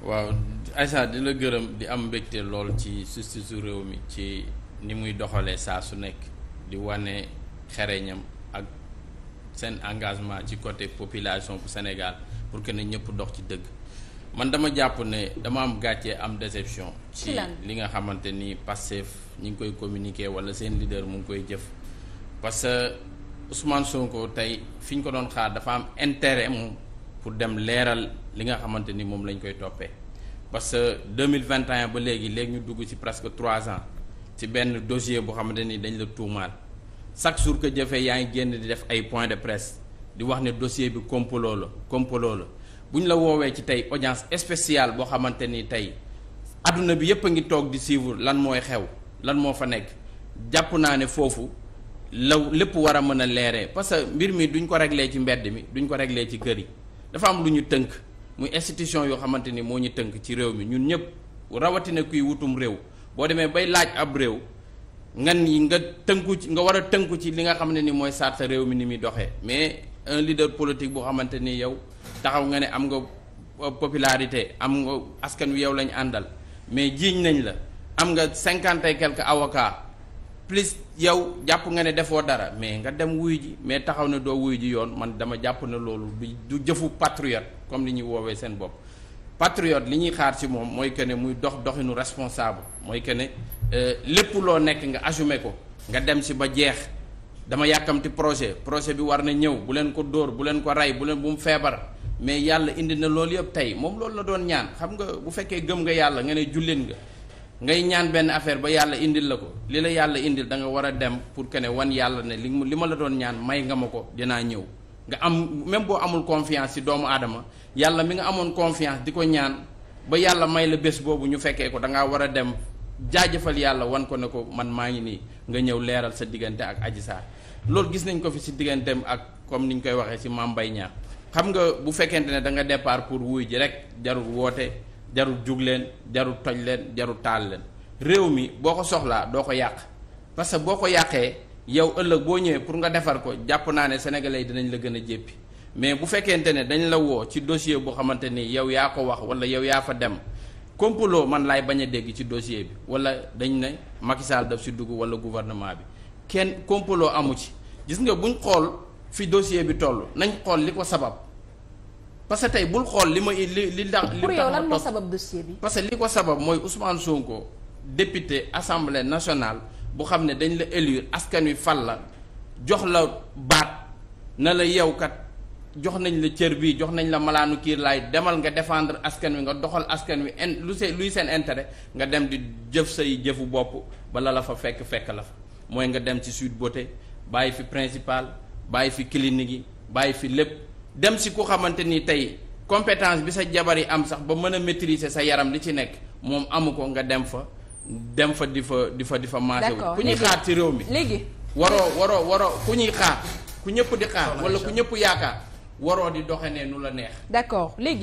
waaw Aïssa di la gërëm di am mbégte lool ci justice réew mi ci ni muy doxalee saa su nekk di wane xereñam ak seen engagement ci côté population bu Sénégal pour que ne ñëpp dox ci dëgg man dama jàpp ne dama am gàccee am déception ci li nga xamante ni Pastef ñu ngi koy communiquer wala seen leader mu ngi koy jëf parce que Ousmane Sonko tey fi ñu ko doon xaar dafa am intérêt moom pour dem leeral li nga xamante ni moom lañ koy toppee parce que 2021 ba léegi léegi ñu dugg ci presque trois ans ci benn dossier boo xamante ni dañ la tuumaal chaque jour que jëfee yaa ngi génn di def ay point de presse di wax ne dossier bi complot la complot la bu ñu la woowee ci tey audience spéciale boo xamante ni tey adduna bi yépp a ngi toog di suivre lan mooy xew lan moo fa nekk jàpp naa ne foofu la lépp war a mën a leeree parce que mbir mi duñ ko réglé ci mbedd mi duñ ko réglé ci kër yi dafa am lu ñu tënk muy institution yoo xamante ni moo ñu tënk ci réew mi ñun ñëpp rawatina kuy wutum réew boo demee bay laaj ab réew nga ni nga tënku ci nga war a tënku ci li nga xam ne ni mooy sarta réew mi ni muy doxee mais un leader politique boo xamante ni yow taxaw nga ne am nga popularité am nga askan wi yow lañ àndal mais jiiñ nañ la am nga cinquante et quelques avocats plus yow jàpp nga ne defoo dara mais nga dem wuyu ji mais taxaw ne doo wuyu ji yoon man dama jàpp ne loolu du jëfu patriote comme li ñuy woowee seen bopp patriote li ñuy xaar ci moom mooy que ne muy dox doxinu responsable mooy que ne euh, lépp loo nekk nga assumé ko nga dem ci ba jeex dama yàkkamti projet projet bi war na ñëw bu leen ko dóor bu leen ko rey bu leen bu feebar mais yàlla indi na loolu yëpp tey moom loolu la doon ñaan xam nga bu fekkee gëm nga yàlla nga ne julleen nga ngay ñaan benn affaire ba yàlla indil la ko li la yàlla indil danga war a dem pour que wan yàlla ne li li ma la doon ñaan may nga ma ko dinaa ñëw nga am même boo amul confiance ci doomu aadama yàlla mi nga amoon confiance di ko ñaan ba yàlla may la bés boobu ñu fekkee ko da war a dem jaajëfal yàlla wan ko ne ko man maa ngi nii nga ñëw leeral sa diggante ak Adji Sarr loolu gis nañ ko fi si digganteem ak comme ni ñu koy waxee ci Mame Mbaye Niang xam nga bu fekkente ne da nga départ pour wuy ji rek jarul woote jarul jug leen jarul toj leen jarul taal leen réew mi boo ko soxlaa doo ko yàq parce que boo ko yàqee yow ëllëg boo ñëwee pour nga defar ko jàpp naa ne sénégalais yi dinañ la gën a jéppi mais bu fekkente ne dañ la woo ci dossier bu xamante ni yow yaa ko wax wala yow yaa fa dem complot man laay bañ a dégg ci dossier bi wala dañ ne Macky Sall daf si dugg wala gouvernement bi kenn complot amu ci gis nga buñ xool fi dossier bi toll nañ xool li ko sabab. parce que tey bul xool li ma li li ndax li pour yow moo sabab dossier bi. parce que li ko sabab mooy Ousmane Sonko député assemblée nationale bu xam ne dañ la élire askan wi fal la jox la baat na la yow kat jox nañ la cër bii jox nañ la malaanu kiir lay demal nga défendre askan wi nga doxal askan wi in lu luy seen intérêt nga dem di jëf say jëfu bopp bala la fa fekk fekk la fa mooy nga dem ci Sweet Beauté bàyyi fi principal bàyyi fi clinique yi bàyyi fi lépp. dem si ku xamante nii tey compétence bi sa jabar yi am sax ba mën a maîtriser sa yaram li ci nekk moom amu ko nga dem fa dem fa di fa di fa di fa maase wu ku ñuy xaar ci réew mi léegi waroo waroo waroo ku ñuy xaar ku ñëpp di xaar wala ku ñëpp yaakaar waroo di doxe ne nu la neex d'accord léegi